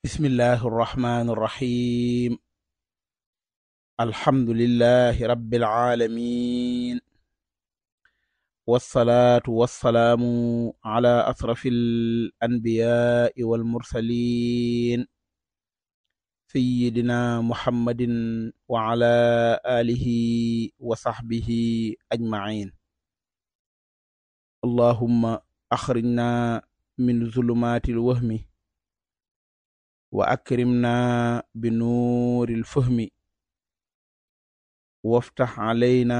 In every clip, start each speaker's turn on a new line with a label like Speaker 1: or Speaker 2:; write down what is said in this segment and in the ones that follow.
Speaker 1: bismillahi arrahmani irrahim alhamdulilahi rabilaalamin walsalaatu walsalaamu ala asrafi alanbiyaai walmursalin sayidina muhammadin wa ala alihi wa saxbihi ajmain allahumma axrijna min zulumaati alwahmi wa akrimna bi nuuril fahmi waftax alayna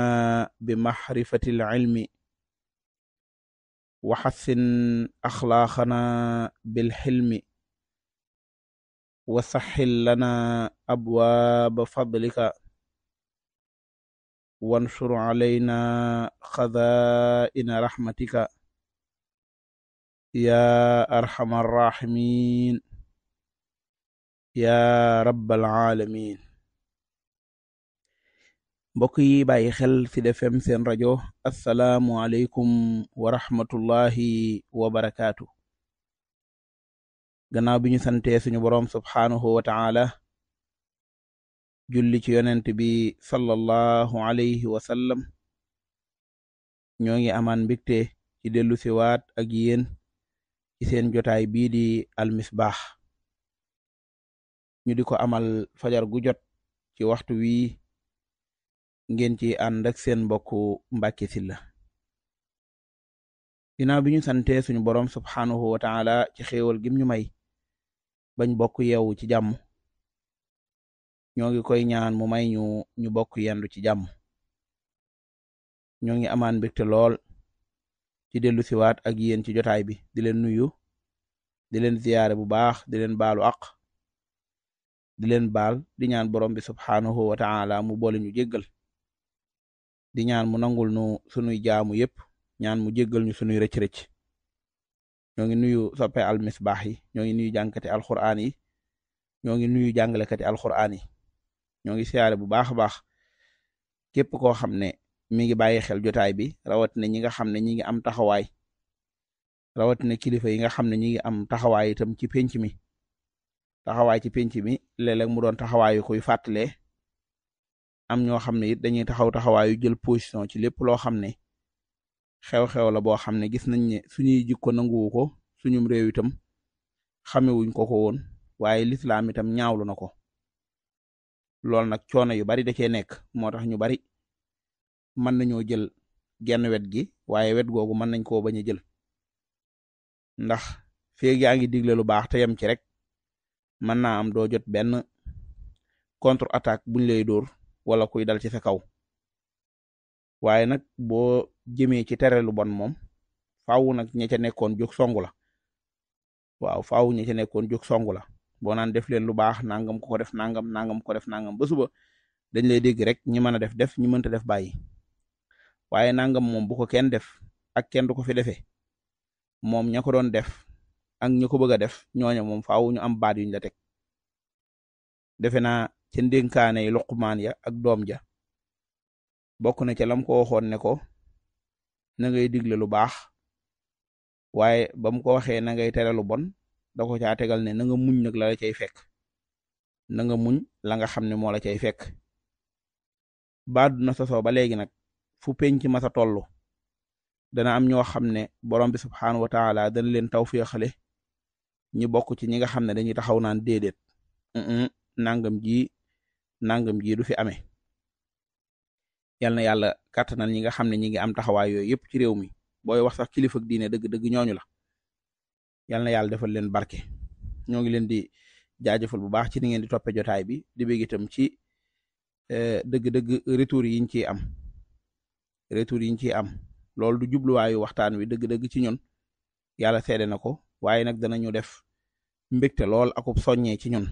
Speaker 1: bi maxrifatil ilmi wa xassin axlaaqana bil xilmi wa saxxil lana abwaaba fadlika wansur alayna xazaa'ina raxmatika yaa arxamar raaximiin yaa rabbal alamin mbokk yi bàyyi xel Sud FM seen rajo asalaamualeykum wa rahmatullahi wa barakaatu. gannaaw bi ñu santee suñu boroom subxaanahu wa ta'ala julli ci yonent bi sallallahu alayhi wa sallam ñoo ngi amaan mbégte ci dellu siwaat ak yéen ci seen jotaay bii di almisbaax ñu di ko amal fajar gu jot ci waxtu wii ngeen ci ànd ak seen mbokku Mbàkke Sylla ginnaaw bi ñu sante suñu boroom subxaanahu wa taala ci xéewal gim ñu may bañ bokk yew ci jàmm ñoo ngi koy ñaan mu may ñu ñu bokk yendu ci jàmm ñoo ngi amaan mbégte lool ci dellu siwaat ak yéen ci jotaay bi di leen nuyu di leen ziyaare bu baax di leen baalu àq di leen baal di ñaan borom bi subxanahu wa ta'ala mu boole ñu jéggal di ñaan mu nangul nu sunuy jamu yépp ñaan mu jéggal ñu sunuy rëcc-rëcc ñoo ngi nuyu soppe al misbaax yi ñoo ngi nuyu jàngkati alxuraan yi ñoo ngi nuyu jàngalekati alxuraan yi ñoo ngi siyaare bu baax a baax képp koo xam ne mi ngi bàyyi xel jotaay bi rawatina ñi nga xam ne ñi ngi am taxawaay rawatina kilifa yi nga xam ne ñi ngi am taxawaay itam ci penc mi. taxawaay ci penc mi léeg-léeg mu doon taxawaayu kuy fàttale am ñoo xam ne it dañuy taxaw taxawaayu jël position ci lépp loo xam ne xew-xew la boo xam ne gis nañ ne suñuy jikko nanguwu ko suñum réew itam xamewuñ ko ko woon waaye lislaam itam ñaawlu na ko loolu nag coono yu bari da cee nekk moo tax ñu bari mën nañoo jël genn wet gi waaye wet googu mën nañ koo bañ a jël ndax fi yaa ngi digle lu baax te yem ci rek mën naa am doo jot benn contre attaque buñ lay dóor wala kuy dal ci sa kaw waaye nag boo jëmee ci tere lu bon moom faaw nag ña ca nekkoon jóg songu la waaw faaw ña ca nekkoon jóg songu la boo naan def leen lu baax nangam ko ko def nangam nangam ko def nangam ba suba dañ lay dégg rek ñi mën a def def ñi mënta def bàyyi waaye nangam moom bu ko kenn def ak kenn du ko fi defee moom ña ko doon def. ak ñu ko bëgg a def ñooña moom faaw ñu am baat yuñ la teg defe naa ca ndénkaane yi Luqmaan ya ak doom ja bokk na ca lam ko waxoon ne ko na ngay digle lu baax waaye ba mu ko waxee na ngay tere lu bon da ko caa tegal ne na nga muñ nag la la cay fekk na nga la nga xam ne moo la cay fekk baadu na sosoo ba léegi nag fu penc masa toll dana am ñoo xam ne borom bi subxanahu wa taala dana leen tawféexale ñu bokk ci ñi nga xam ne dañuy taxaw naan déedéet nangam ji nangam ji du fi ame yal na yàlla kàttanal ñi nga xam ne ñi ngi am taxawaay yooyu yëpp ci réew mi booy wax sax kilifa ak diine dëgg-dëgg ñooñu la yal yàlla defal leen barke ñoo ngi leen di jaajëfal bu baax ci ni ngeen di toppe jotaay bi di bëgg itam ci dëgg-dëgg e, retour yiñ ci am retour yiñ ciy am loolu du jubluwaayu waxtaan wi dëgg-dëgg ci ñun yàlla seede na ko. waaye nag danañu def mbégte lool akub soññee ci ñun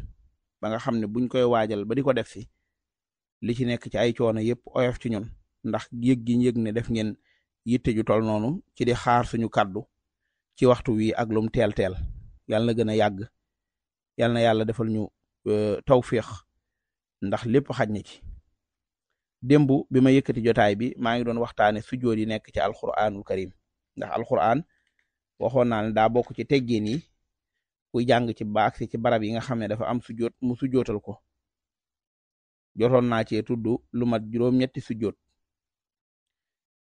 Speaker 1: ba nga xam ne buñ koy waajal ba di ko def si li ci nekk ci ay coono yëpp oyof ci ñun ndax yëg gi yëg ne def ngeen yitte ju tol noonu ci di xaar suñu kàddu ci waxtu wi ak lum teel teel yàlla na gën a yàgg yàlla na yàlla defal ñu e, tawféex ndax lépp xaj na ci démb bi ma yëkkati jotaay bi maa ngi doon waxtaane sujjóot yi nekk ci alquranul karim ndax alquran waxoon naa ne daa bokk ci teggin yi kuy jàng ci ba agsi ci barab yi nga xam ne dafa am sujjoot mu sujjootal ko jotoon naa cee tudd lu mat juróom-ñetti sujjoot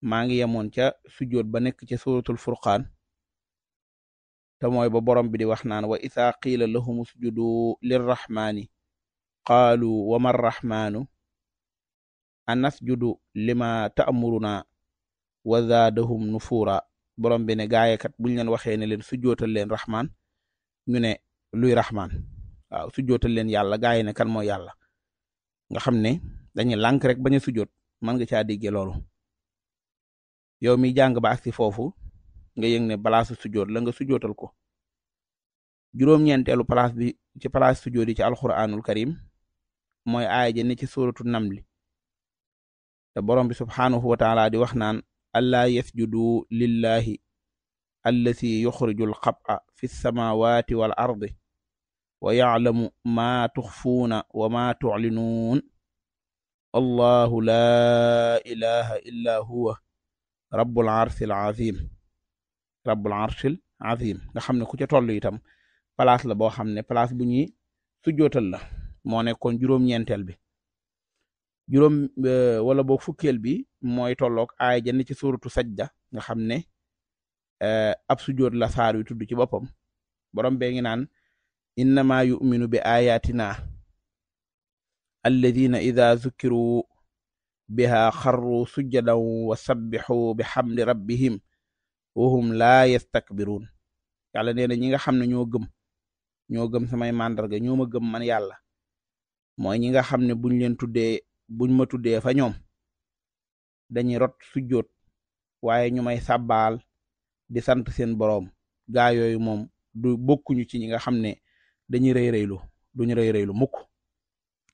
Speaker 1: maa ngi yemoon ca sujjoot ba nekk ca suratul furqaan te mooy ba borom bi di wax naan wa isaa qiila lahum usjudu lirrahmaani qaalu wa man rahmaanu anasjudu lima ta'muruna wa zaadahum nufuura borom bi kat gaayekat buñ leen waxee ne leen sujjootal leen raxmaan ñu ne luy raxmaan waaw sujjootal leen yàlla gaaye ne kan mooy yàlla nga xam ne dañuy lànk rek bañ a sujjoot mën nga caa déggee yow mi jàng ba agsi foofu nga yëg ne balaasu sujjoot la nga sujjootal ko juróom-ñeenteelu place bi ci place sujjoot yi ci alxuraanul karim mooy aaya ja ne ci suuratu namli te borom bi subxanahu wa taala di wax naan allaa yasjuduu lillahi allati yuxriju alxaba fi lsamawati wal ardi wa yaclamu maa tuxfuuna wa maa tuclinuun allahu laa ilaha illa huwa rabbul arshil azim rabbul arshil azim nga xam ne ku ca toll itam place la boo xam ne place bu ñuy sujjootal la moo nekkoon juróom bi juróom e, wala boog fukkeel bi mooy tolloog aaya jenn ci suuratu sajda nga xam ne e, ab sujjóot la saar wi tudd ci boppam borom bee ngi naan innama yu'minu bi ayatina alladhina idha zukiru biha xarru sujjadan wa sabbixu bi xamdi rabbihim wa hum laa yastakbiruun yàlla nee na ñi nga xam ne ñoo gëm ñoo gëm samay màndarga ñoo ma gëm man yàlla mooy ñi nga xam ne buñ leen buñ ma tuddee fa ñoom dañuy rot sujjóot waaye ñu may sabaal di sant seen boroom gaa yooyu moom du bokkuñu ci ñi nga xam ne dañuy rey rëylu duñu rëy rëylu mukk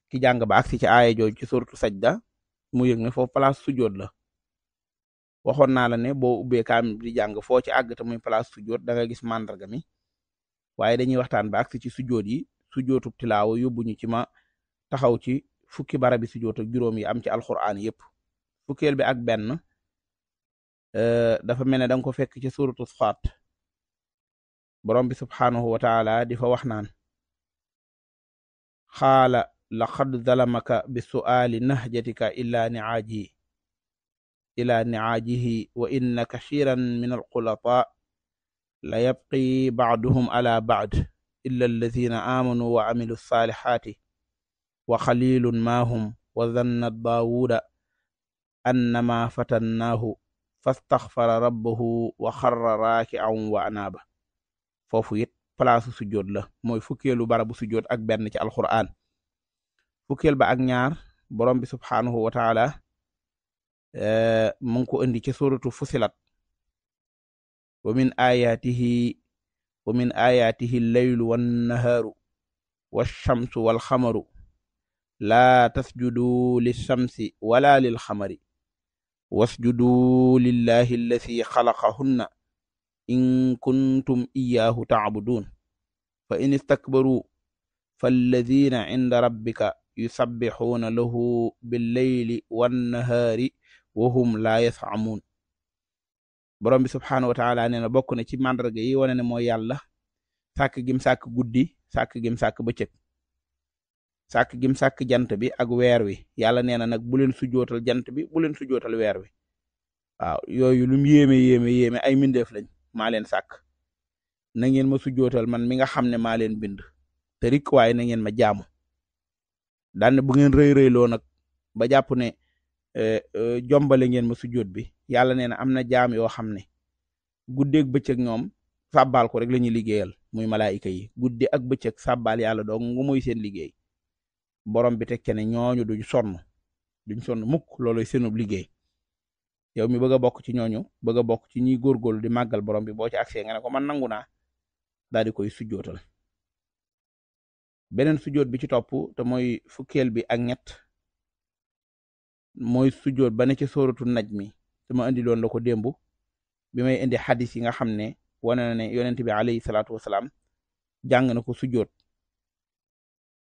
Speaker 1: ki jàng ba agsi ci aaya jooju ci suratu sajda mu yëg ne foofu place sujjóot la waxoon naa la ne boo ubbee di jàng foo ci àgg te muy place sujjóot da nga gis màndarga mi waaye dañuy waxtaan ba agsi ci sujjóot yi sujjóotub tilaawa yóbbuñu ci ma taxaw ci fukki barabi sujjoot ak juróom am ci alquran yëpp fukkeel bi ak benn euh, dafa mel ne da ko fekk ci suratu Saat borom bi subxanahu wa taala di fa wax naan xaala laqad zalamaka bi su'aali nahjatika ila ni'aaji ila ni'aajihi wa inna kashiran min alxulataa la yabqi ba'duhum ala ba'd illa allazina amanu wa amilu saalixaati wa xalilun maahum wa zanna daawuda annama fatannaahu fastaxfara rabbahu wa xarra raaki'an wa anaaba foofu it palaasu la mooy fukkeelu barabu sujjoot ak benn ci alxuraan fukkeel ba ak ñaar borom bi wa taala eh, mu ngi indi ci suuratu fusilat wa min ayaatihi wa min ayaatihi alleylu wannahaaru walchamsu walxamaru laa tasjudu lishamsi wala lilxamari wasjudu lillahi alladi xalaqahunna in kuntum iyaahu tacbuduun fa in istakbaru falladina cinda rabbika yusabbixuuna lahu billeyli wannahaari wa hum laa yascamuun borom bi subxaanahu wa taala na bokk na ci màndarga yi wane ne mooy yàlla sàkk gim sàkk guddi sàkk gim sàkk sàkk gim sàkk jant bi ak weer wi yàlla nee na nag bu leen sujootal jant bi bu leen sujootal weer wi waaw yooyu lum yéeme yéeme yéeme ay mindeef lañ maa leen sàkk na ngeen ma sujootal man mi nga xam ne maa leen bind te rik waaye na ngeen ma jaamu daan bu ngeen rëy rëyloo nag ba jàpp ne eh, eh, jombale ngeen ma sujoot bi yàlla nee na am na jaam yoo xam ne guddeeg bëccëg ñoom sàbbaal ko rek la ñuy liggéeyal muy malaayika yi guddi ak bëccëg sabal yàlla dong nga mooy seen liggéey. borom bi teg ne ñooñu duñ sonn duñ sonn mukk looloy seenub liggéey yow mi bëgg a bokk ci ñooñu bëgg a bokk ci ñuy góorgóorlu di màggal borom bi boo ci accès nga ko man nangu naa daal di koy sujjootal beneen sujjoot bi ci topp te mooy fukkeel bi ak ñett mooy sujjoot ba ne ci sóoratu naj mi te indi loon la ko démb bi may indi xadis yi nga xam ne wane na ne yonent bi alayhi salaatu wasalaam jàng na ko sujjoot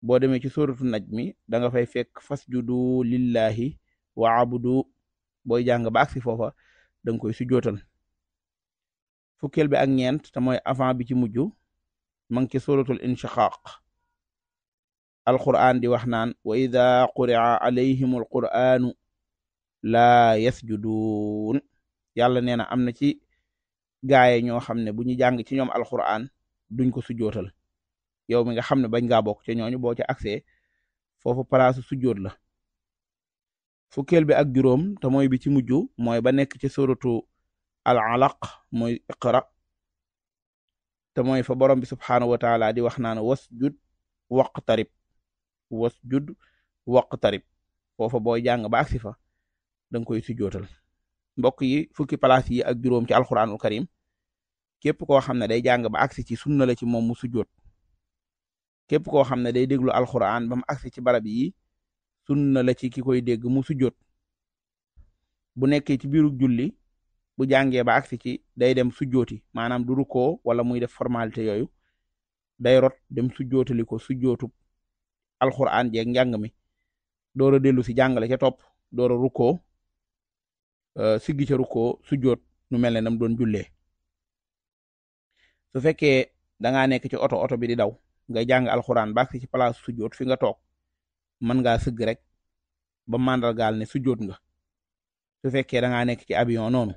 Speaker 1: boo demee ci suratu najmi da nga fay fekk fasjudu lillahi wa abudu booy jàng ba agsi foofa da nga koy sujootal fukkeel bi ak ñeent te mooy avant bi ci mujj ma ngi ci suratul inshiqaq alquran di wax naan wa ida quria alayhim alquranu laa yasjuduun yàlla nee na am na ci gaaye ñoo xam ne bu ñu jàng ci ñoom alquran duñ ko sujootal yow mi nga xam ne bañ ngaa bokk ca ñooñu boo ca accès foofu place sujjóot la fukkeel bi ak juróom te mooy bi ci mujj mooy ba nekk ci suratu al alaq mooy iqra te mooy fa borom bi subxanahu wa taala di wax naan wasjud waqtarib wasjud waqtarib foofa booy jàng ba agsi fa danga koy sujjootal mbokk yi fukki place yi ak juróom ci alquranul karim képp koo xam ne day jàng ba agsi ci sunna la ci moom mu sujjoot képp koo xam ne day déglu alxuraan ba mu ci barab yi sunna la ci ki koy dégg mu sujjóot bu nekkee ci biiru julli bu jàngee ba agsi ci day dem sujjóoti maanaam du rukkoo wala muy def formalité yooyu day rot dem sujjóotali ko sujjóotu alxuraan jeeg njàng mi door dellu si jàngale ca topp door a rukkoo euh, siggi ca rukkoo nu mel ne nam doon jullee su fekkee danga ngaa nekk ci oto oto bi di daw nga jàng alxuraan ba agsi ci place sujjoot fi nga toog mën ngaa sëgg rek ba màndargaal ne sujjoot nga su fekkee da ngaa nekk ci avion noonu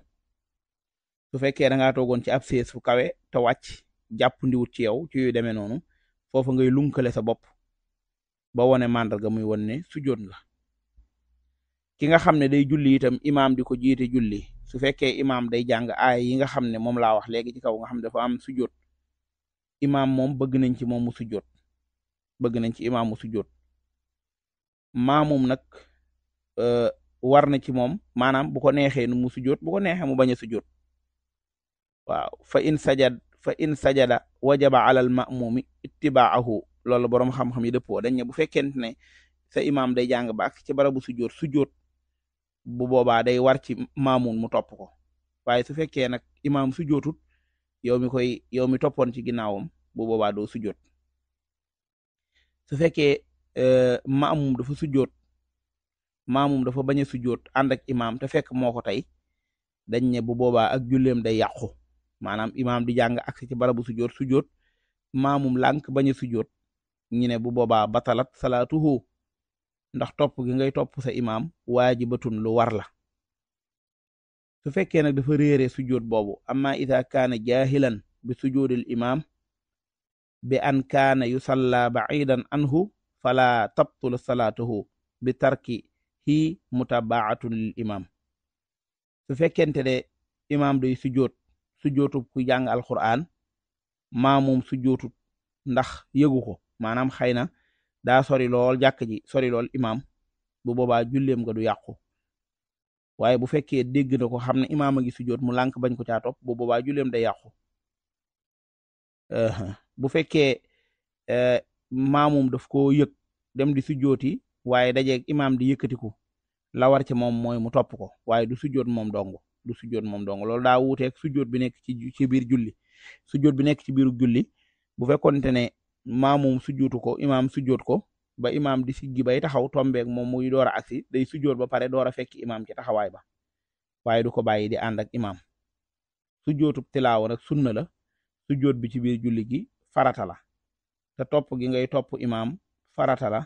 Speaker 1: su fekkee da ngaa toogoon ci ab sees fu kawe te wàcc jàpp ndiwut ci yow ci yooyu demee noonu foofa ngay lunkale sa bopp ba wone màndarga muy won ne sujjoot nga ki nga xam ne day julli itam imaam di ko jiite julli su fekkee imaam day jàng aay yi nga xam ne moom laa wax léegi ci kaw nga xam ne dafa am sujjoot imaam moom bëgg nañ ci moom mu sujjoot bëgg nañ ci imaam mu sujjoot maamum nag euh, war na ci moom maanaam bu ko neexee nu mu sujjoot bu ko neexee mu bañ a sujjoot waaw fa in sajad fa in sajada wajaba alal ma'mumi ittibaahu loolu boroom xam-xam yi dëppoo dañ ne bu fekkente ne sa imaam day jàng ba ak ci barabu sujjoot sujjoot bu boobaa day war ci maamun mu topp ko waaye su fekkee nag imaam sujjootut yow mi koy yow mi toppoon ci ginnaawam bu boobaa doo sujjoot su fekkee euh, maamum dafa sujjoot maamum dafa bañ a sujjoot ànd ak imaam te fekk moo ko tey dañ ne bu boobaa ak julleem day yàqu maanaam imaam di jàng ak ci barabu sujjoot sujjoot maamum lànk bañ a sujjoot ñu ne bu boobaa batalat salaatuhu ndax topp gi ngay topp sa imaam waajibatun lu war la su fekkee nag dafa réere sujjoot boobu amma ida kaana jaahilan bi sujjoodil imaam bi an kaana yu yusalla baidan anhu fala tabtulu salaatuhu bi tarki hi mutabaatun lil imaam su fekkente ne imaam day sujjoot sujjootub ku jàng alquran maamoom sujjootut ndax yëgu ko maanaam xëy na daa sori lool jàkk ji sori lool imaam bu boobaa julleem nga du yàqu waaye bu fekkee dégg na ko xam ne imaam a ngi sujjoot mu lànk bañ ko caa topp bu boobaa julleem day bu fekkee e, maamum daf ko yëg dem di sujjooti waaye dajeeg imaam di yëkkatiku la war ci moom mooy mu topp ko waaye du sujjoot moom dong du sujjoot moom dong loolu daa wuuteeg sujjoot bi nekk ci ci biir julli sujjoot bi nekk ci biiru julli bu fekkonte ne maamum sujjootu ko imaam sujjoot ko ba imaam di siggi bay taxaw tombeek moom muy door a day sujjoot ba pare door a fekk imaam ci taxawaay ba waaye du ko bàyyi di ànd ak imaam sujjootub tilaawa nag sunna la sujjoot bi ci biir julli gi farata la te topp gi ngay topp imaam farata la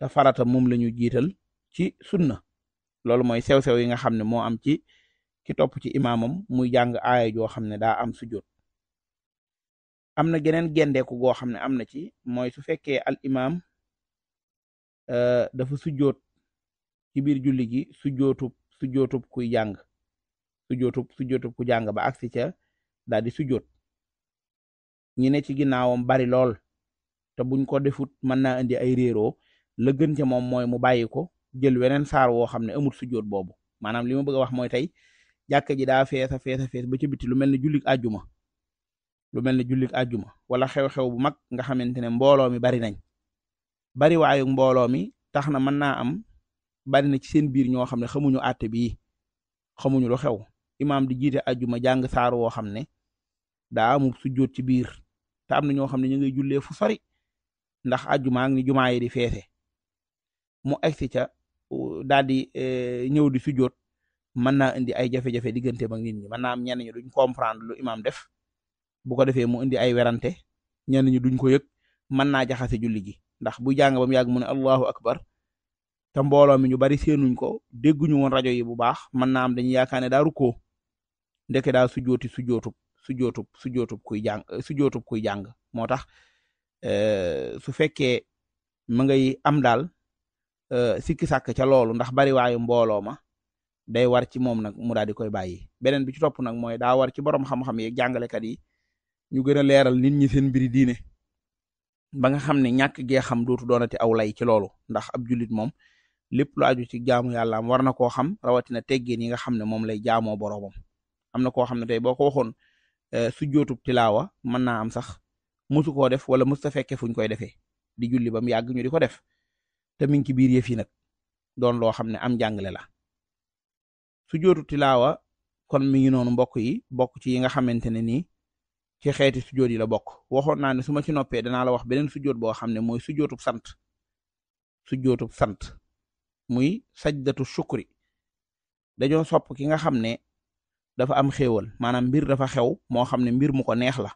Speaker 1: te farata moom la jiital ci sunna loolu mooy sew-sew yi nga xam ne moo am ci ki topp ci imaamam muy jàng aaya joo xam ne daa am sujjoot am na geneen gendeeku goo xam ne am na ci mooy su fekkee al imaam Eh, dafa sujjoot ci biir julli gi sujjootub sujjootub kuy jàng sujjootub sujjootub ku jàng ba agsi ca daal di sujjoot ñi ne ci ginnaawam bari lool te buñ ko defut mën naa indi ay réeroo la gën ca moom mooy mu bàyyi ko jël weneen saar woo xam ne amul sujjoot boobu maanaam li ma bëgg a wax mooy tey jàkka ji daa fees a fees a ba ci biti lu mel ne jullik àjjuma lu mel ne jullik ajuma wala xew-xew bu mag nga xamante ne mbooloo mi bari nañ bari waayu mbooloo mi tax na mën naa am bari na ci seen biir ñoo xam ne xamuñu àtte bii xamuñu lu xew imaam di jiite ajuma jàng saar woo xam ne daa amub sujjóot ci biir te am na ñoo xam ne ñu ngay fu sori ndax ajjuma ak ni jumaa yi di feese mu egsi ca daal di e, ñëw di sujjóot mën naa indi ay jafe-jafe diggante ba nit ñi mën naa am ñenn ñi duñ comprendre lu imaam def bu ko defee mu indi ay werante ñenn ñi duñ ko yëg mën naa jaxase julli gi ndax bu jàng ba mu yàgg mu ne allahu akbar te mbooloo mi ñu bari seenuñ ko dégguñu woon rajo yi bu baax mën naa am dañuy yaakaar ne daa rukkoo ndeke daa sujooti sujootub sujootub sujootub kuy jàng eh, sujootub kuy jàng moo tax eh, su fekkee ma ngay am daal eh, sikki sàkk ca loolu ndax bari waayu mbooloo ma day war ci moom nag mu daal di koy bàyyi beneen bi ci topp nag mooy daa war ci borom xam-xam yi jàngalekat yi ñu gën a leeral nit ñi seen mbiri diine ba nga xam ne ñàkk gee xam dootu doonati aw lay ci loolu ndax ab julit moom lépp lu aju ci jaamu yàlla am war na koo xam rawatina teggeen yi nga xam ne moom lay jaamoo boroomam am na koo xam ne tey boo ko waxoon eh, su jootub tilaawa mën naa am sax mosu def wala mos ta fekke fuñ koy defee di juli ba mu yàgg ñu di ko def te mi ngi ci biir yëf yi nag doon loo xam ne am jàngale la su jootu kon mi ngi noonu mbokk yi bokk ci yi nga xamante ne nii ci xeeti sujjoot yi la bokk waxoon naa ne su ma ci noppee danaa la wax beneen sujjoot boo xam ne mooy sujjootub sant sujjootub sant muy sajdatu sukuri dañoo sopp ki nga xam ne dafa am xéewal maanaam mbir dafa xew moo xam ne mbir mu ko neex la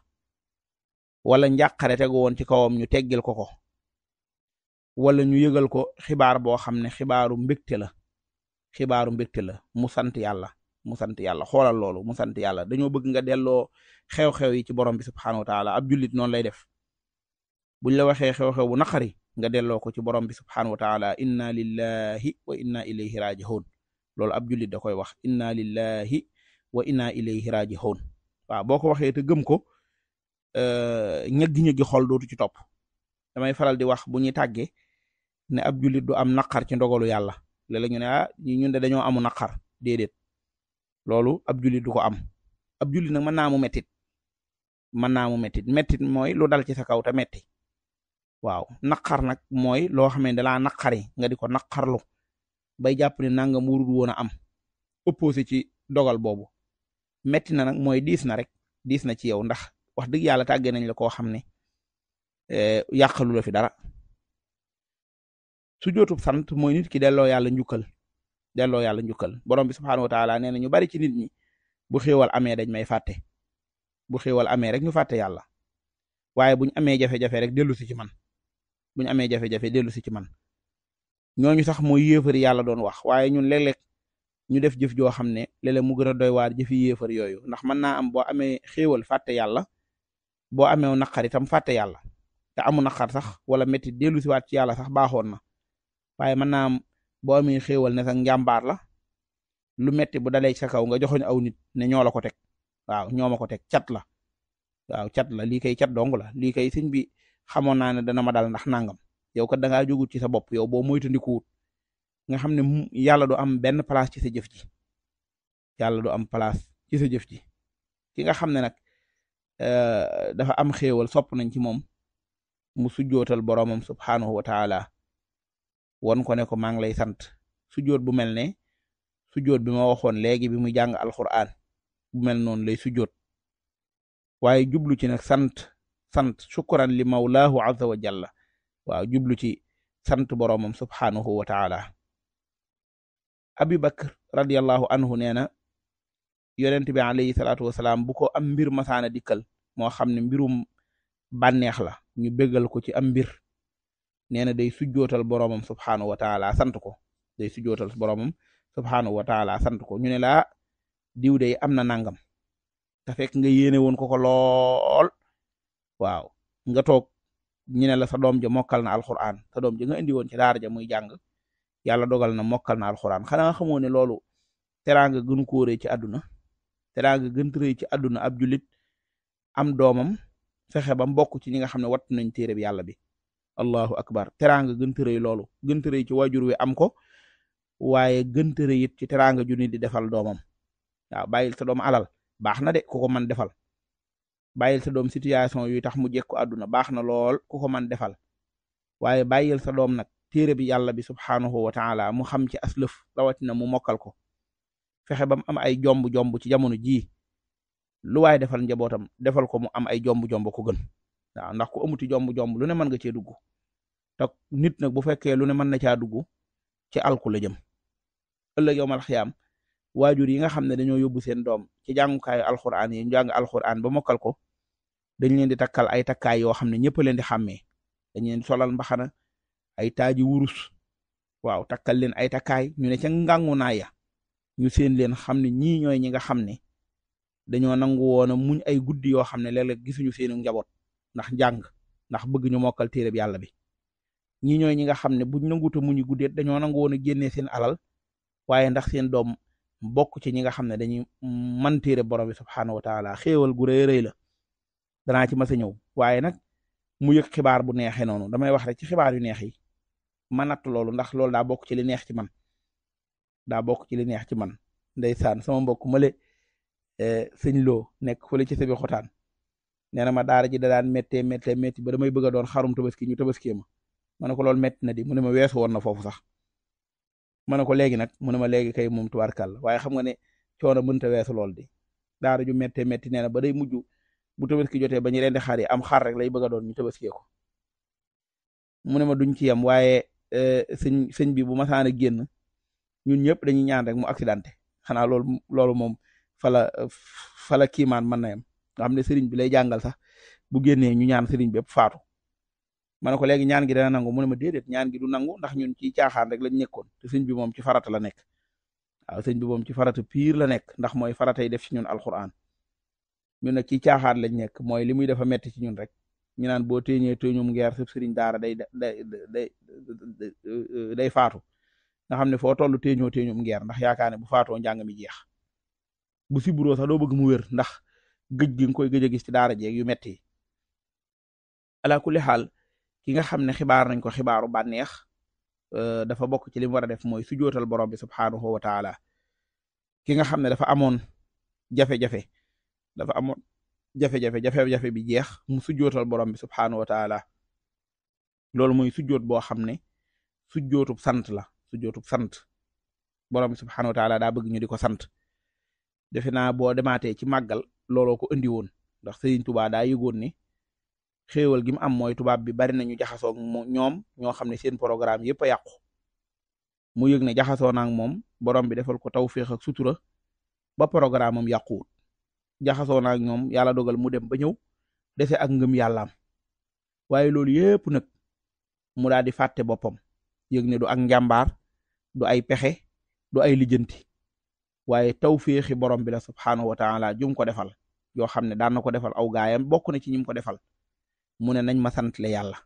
Speaker 1: wala njàqare tegu woon ci kawam ñu teggil ko ko wala ñu yëgal ko xibaar boo xam ne xibaaru mbégte la xibaaru mbégte la mu sant yàlla mu sant yàlla xoolal loolu mu sant yàlla dañoo bëgg nga delloo xew-xew yi ci borom bi subxanahu wa ab jullit noonu lay def buñ la waxee xew-xew bu naqari nga delloo ko ci borom bi subxanahu wa taala inna lillahi wa inna ilayhi raji'un loolu ab julit da koy wax inna lillahi wa inna ilayhi raji'un waaw boo ko waxee te gëm ko euh, ñeggi ñeggi xol dootu ci topp damay faral di wax bu ñuy tàggee ne ab julit du am naqar ci ndogalu yàlla léeg-léeg ñu ne ah ñun de dañoo amu naqar déedéet loolu ab jullit du ko am ab jullit nag mën naa mu mettit mën naa mu mettit mettit mooy lu dal ci sa kaw te metti waaw naqar nag mooy loo xam ne dalaa nga di ko naqarlu bay jàpp ne nanga muurul woon a am opposé ci dogal boobu metti na nag mooy diis na rek diis na ci yow ndax wax dëgg yàlla tàggee nañ la koo xam ne eh, yàqalu fi dara su jootub sant mooy nit ki delloo yàlla njukkal delloo yàlla njukkal borom bi subxanahu wa taala nee na ñu bari ci nit ñi bu xéewal amee dañ may fàtte bu xéewal amee rek ñu fàtte yàlla waaye bu ñu amee jafe-jafe rek dellu ci man bu ñu amee jafe dellu si ci man ñooñu sax mooy yéefari yàlla doon wax waaye ñun léeg-léeg ñu def jëf joo xam ne léeg-léeg mu gën a doy waar jëfi yéefar yooyu ndax mën naa am boo amee xéewal fàtte yàlla boo amee naqar itam fàtte yàlla te amu naqar sax wala métti dellu siwaat ci yàlla sax baaxoon na waaye mën boo amee xéewal ne sax njàmbaar la lu metti bu dalee sa nga joxoñ aw nit ne ñoo la ko teg waaw ñoo ma ko teg cat la cat la lii kay cat dong la lii kay sëñ bi xamoon naa ne dana ma dal ndax nangam yow kat da ngaa jógut ci sa bopp yow boo moytandikuwut nga xam ne yàlla du am benn place ci sa jëf ji du am place ci sa jëf ji ki nga xam ne nag euh, dafa am xéwal sopp nañ ci moom mu sujjootal boroomam subhaanahu wa taala won ko ne ko maa ngi lay sant sujoot bu mel ne sujjóot bi ma waxoon léegi bi mu jàng alxuraan bu mel noonu lay sujjóot waaye jublu ci nag sant sant shukran li mawlaahu azza wa jalla waaw jublu ci sant boroomam subhaanahu wa taala abi bakr radiallahu anhu nee na yonent bi alayhi salaatu wasalaam bu ko am mbir masaana dikkal moo xam ne mbirum bànneex la ñu bégal ko ci am mbir nee na day sujjootal boromam subxanahu wa taala sant ko day sujjootal boromam subxanahu wa taala sant ko ñu ne laa diw day am na nangam te fekk nga yéene woon ko ko lool waaw nga toog ñu ne la sa doom ja mokkal na alxuraan sa doom ja nga indi woon ci daara ja muy jàng yàlla dogal na mokkal na alxuraan xanaa xamoo ne loolu teraanga gën koo rëy ci àdduna teraanga gën rëy ci àdduna ab julit am doomam fexe ba mbokk ci ñi nga xam ne wattu nañ téereb yàlla bi. allahu akbar teraanga gënta rëy loolu gënta rëy ci waajur wi am ko waaye gënta rëy ci teraanga juni di defal doomam waaw bàyyil sa doom alal baax na de ku ko mën defal bàyyil sa doom situation yu tax mu jekku àdduna baax na lool ku ko mën defal waaye bàyyil sa doom nag téere bi yàlla bi subxanahu wa mu xam ci aslëf rawatina mu mokkal ko fexe ba mu am ay jomb jomb ci jamono jii lu waaye defal njabootam defal ko mu am ay jomb jomb ko gën. waaw ndax ku amuti jomb jomb lu ne mën nga cee dugg te nit nag bu fekkee lu ne mën na caa dugg ci alku la jëm ëllëg yow mal xiyaam waajur yi nga xam ne dañoo yóbbu seen doom ci jàngukaayu alxuraan yi njàng alxuraan ba mokkal ko dañ leen di takkal ay takkaay yoo xam ne ñëpp leen di xàmmee dañ solal mbaxana ay taaji wurus waaw takkal leen ay takkaay ñu ne ca ngàngu naaya ñu seen leen xam ne ñii ñooy ñi nga xam ne dañoo nangu woon a muñ ay guddi yoo xam ne léeg-léeg gisuñu seenu njaboot ndax njàng ndax bëgg ñu téere bi yàlla bi ñi ñooy ñi nga xam ne buñ nanguta muñu guddeet dañoo nangu woon a génnee seen alal waaye ndax seen doom bokk ci ñi nga xam ne dañuy man téere borom bi subxanahu wa taala xéewal gu rëy rëy la danaa ci mas a ñëw waaye nag mu yëg xibaar bu neexee noonu damay wax rek ci xibaar yu neex yi ma natt loolu ndax loolu daa bokk ci li neex ci man daa bokk ci li neex ci man ndeysaan sama mbokk male eh, sëñ loo nekk fële ci sabi xotaan nee na ma daara ji da daan méttee méttee métti ba damay bëgg a doon xarum tabaski ñu tabaskee ma ma ne ko lool metti na di mu ne ma weesu woon na foofu sax ma ne ko léegi nag mu ne ma léegi kay moom tubaarkàlla waaye xam nga ne coono mënta weesu lool di daara ju méttee métti nee na ba day mujj bu tabaski jotee ba ñu rendi xar yi am xar rek lay bëgg a doon ñu tabaskee ko ne ma duñ ci yem waaye e, sëñ sëñ bi bu ma saan a génn ñun ñëpp dañuy ñaan rek mu accidenté xanaa lool loolu moom fala fala kiimaan mën na yem nga xam ne sëriñ bi lay jàngal sax bu génnee ñu ñaan sëriñ bépp faatu ma ne ko léegi ñaan gi dana nangu mu ne ma déedéet ñaan gi du nangu ndax ñun ci caaxaan rek lañ nekkoon te sëñ bi moom ci farata la nekk waaw sëñ bi moom ci farata piir la nekk ndax mooy farata yi def ci ñun alxuraan ñun nag ci caaxaan lañ nekk mooy li muy dafa metti ci ñun rek ñu naan boo téeñee téeñum ngeer sëb sëriñ daara day day day faatu ndaxam ne foo toll téeñoo téeñum ngeer ndax yaakaar ne bu faatoo njàng mi jeex bu siburoo sax bëgg mu ndax gëj gi nga koy gëj a gis ci daara jeg yu metti yi ala xaal ki nga xam ne xibaar nañ ko xibaaru bànneex euh, dafa bokk ci li war a def mooy sujootal borom bi subxanahu wa taala ki nga xam ne dafa amoon jafe-jafe dafa amoon jafe-jafe jafe bi jeex mu sujootal borom bi subxanahu wa loolu mooy sujoot boo xam ne sujootub sant la sujootub sant borom bi subxanahu wa daa bëgg ñu di ko sant defe naa boo demaatee ci màggal. looloo ko indi woon ndax Serigne Touba daa yëgoon ni xéewal gi mu am mooy tubaab bi bari nañu jaxasoo ak ñoom ñoo xam ne seen programme yëpp a yàqu mu yëg ne jaxasoo na moom borom bi defal ko tawféex ak sutura ba programme am yàquwut jaxasoo na ñoom yàlla dogal mu dem ba ñëw dese ak ngëm yàllaam waaye loolu yëpp nag mu daal di fàtte boppam yëg ne du ak njàmbaar du ay pexe du ay lijjanti waaye tawféexi borom bi la subxanahu wa taala jum ko defal yoo xam ne daan na ko defal aw gaayam bokk na ci ñim ko defal mu ne nañ ma santle yàlla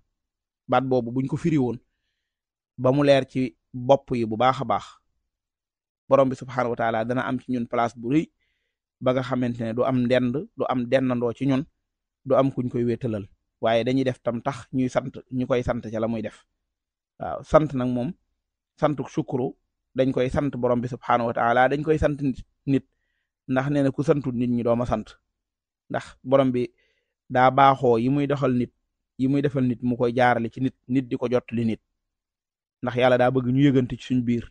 Speaker 1: baat boobu buñ ko firi woon ba mu leer ci bopp yi bu baax a baax borom bi subxanahu wa dana am ci ñun place bu rëy ba nga xamante ne du am ndend du am dendandoo ci ñun du am kuñ koy wétalal waaye dañuy def tam tax ñuy sant ñu koy sant ca la muy def sant nag moom santuk sukuru dañ koy sant borom bi subxanahu wa taala dañ koy sant nit ndax nee na ku santu nit ñi doo ma sant ndax borom bi daa baaxoo yi muy doxal nit yi muy defal nit mu koy jaarale ci nit nit di ko jot li nit ndax yàlla daa bëgg ñu yëgante ci suñ biir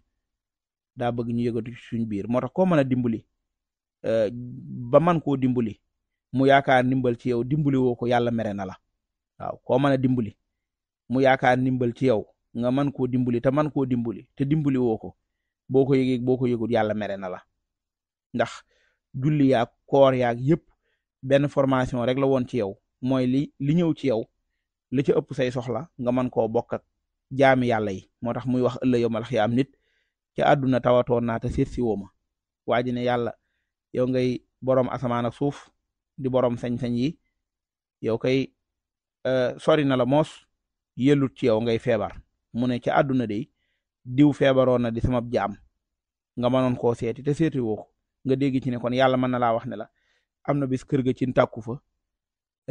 Speaker 1: daa bëgg ñu yëgante ci suñ biir moo koo mën a dimbali euh, ba man koo dimbali mu yaakaar ndimbal ci yow dimbali woo ko yàlla mere na la waaw koo mën a dimbali mu yaakaar ndimbal ci yow nga man koo dimbali ta man koo dimbali te dimbali woo ko boo ko yëgee boo ko yëgul mere na la ndax julli yaag koor yaag yëpp benn formation rek la woon ci yow mooy li li ñëw ci yow li ci ëpp say soxla nga mën ko bokk ak jaami yàlla moo tax muy wax ëllëg ma lax yaa am nit ca àdduna tawatoon naa te seet si woo ma waa ji ne yàlla yow ngay borom asamaan ak suuf di borom sañ-sañ yi yow kay euh, sori na la moos yellut ci yow ngay feebar mu ne ca àdduna de diw feebaroon na di sama jaam nga mënoon koo seeti te seeti woo ko nga dégg ci ne kon yàlla mën na laa wax ne la am na bis kër ga ci tàkku fa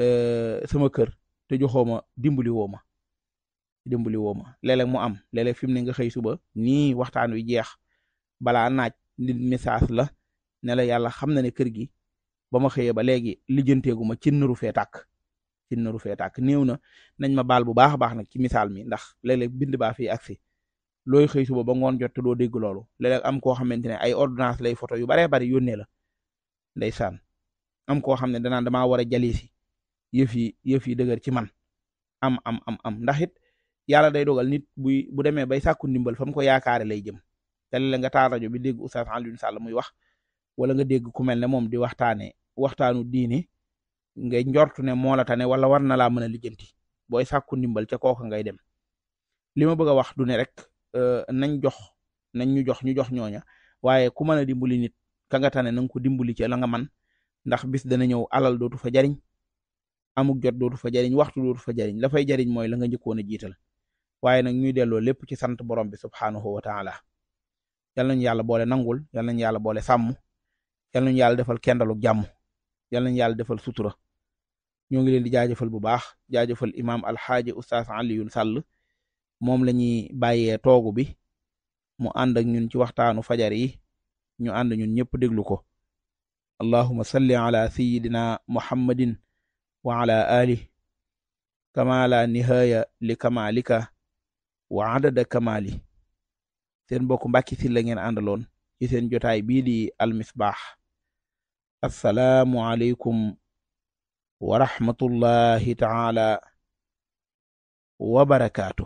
Speaker 1: e, sama kër te joxoo ma dimbali woo ma dimbali ma léeg mu am léeg-léeg fi mu ne nga xëy suba ni waxtaan wi jeex balaa naaj li message la ne la yàlla xam na ne kër gi ba ma xëyee ba léegi lijjanteegu ma ci nuru fee tàkk ci nuru fee tàkk néew na nañ ma baal bu baax a baax nag ci misaal mi ndax léeg-léeg bind baa fi aksi looy xëy suba ba ngoon jot te doo dégg loolu léeg am ko xamante ne ay ordonnance lay foto yu baree bari yónnee la ndeysaan am koo xam ne danaan damaa war a jalisi yëf yi yëf yi dëgër ci man am am am am ndax it yàlla day dogal nit buy bu demee bay sàkku ndimbal fa mu ko yaakaare lay jëm te la nga taal rajo bi dégg Oustaz Alioune Sall muy wax wala nga dégg ku mel ne moom di waxtaane waxtaanu diine nga njortu ne moo la tane wala war na laa mën a lijjanti booy sàkku ndimbal ca kooka ngay dem Euh, nañ jox nañ ñu jox ñu jox ñooña waaye ku mën a dimbali nit ka nga tane na nga ko dimbali ci la nga man ndax bis dana ñëw alal dootu fa jariñ amuk jot dootu fa jariñ waxtu dootu fa jariñ la fay jariñ mooy la nga njëkkoon a jiital waaye nag ñuy delloo lépp ci sant borom bi subhaanahu wa taala yal nañu yàlla boole nangul yal nañu yàlla boole sàmm yal nañu yàlla defal kendaluk jàmm yal nañu yàlla defal sutura ñoo ngi leen di jaajëfal bu baax jaajëfal imaam alxaaji oustaz Alioune Sall moom la ñuy bàyyee toogu bi mu ànd ñun ci waxtaanu fajar yi ñu ànd ñun ñëpp déglu ko allahuma salli ala sayidina muhammadin wa ala alih kama la li kamalika wa adada kamali seen bokk Mbàkke Sylla ngeen àndaloon ci seen jotaay bii di almisbaax assalaamu aleykum wa rahmatullahi taala wa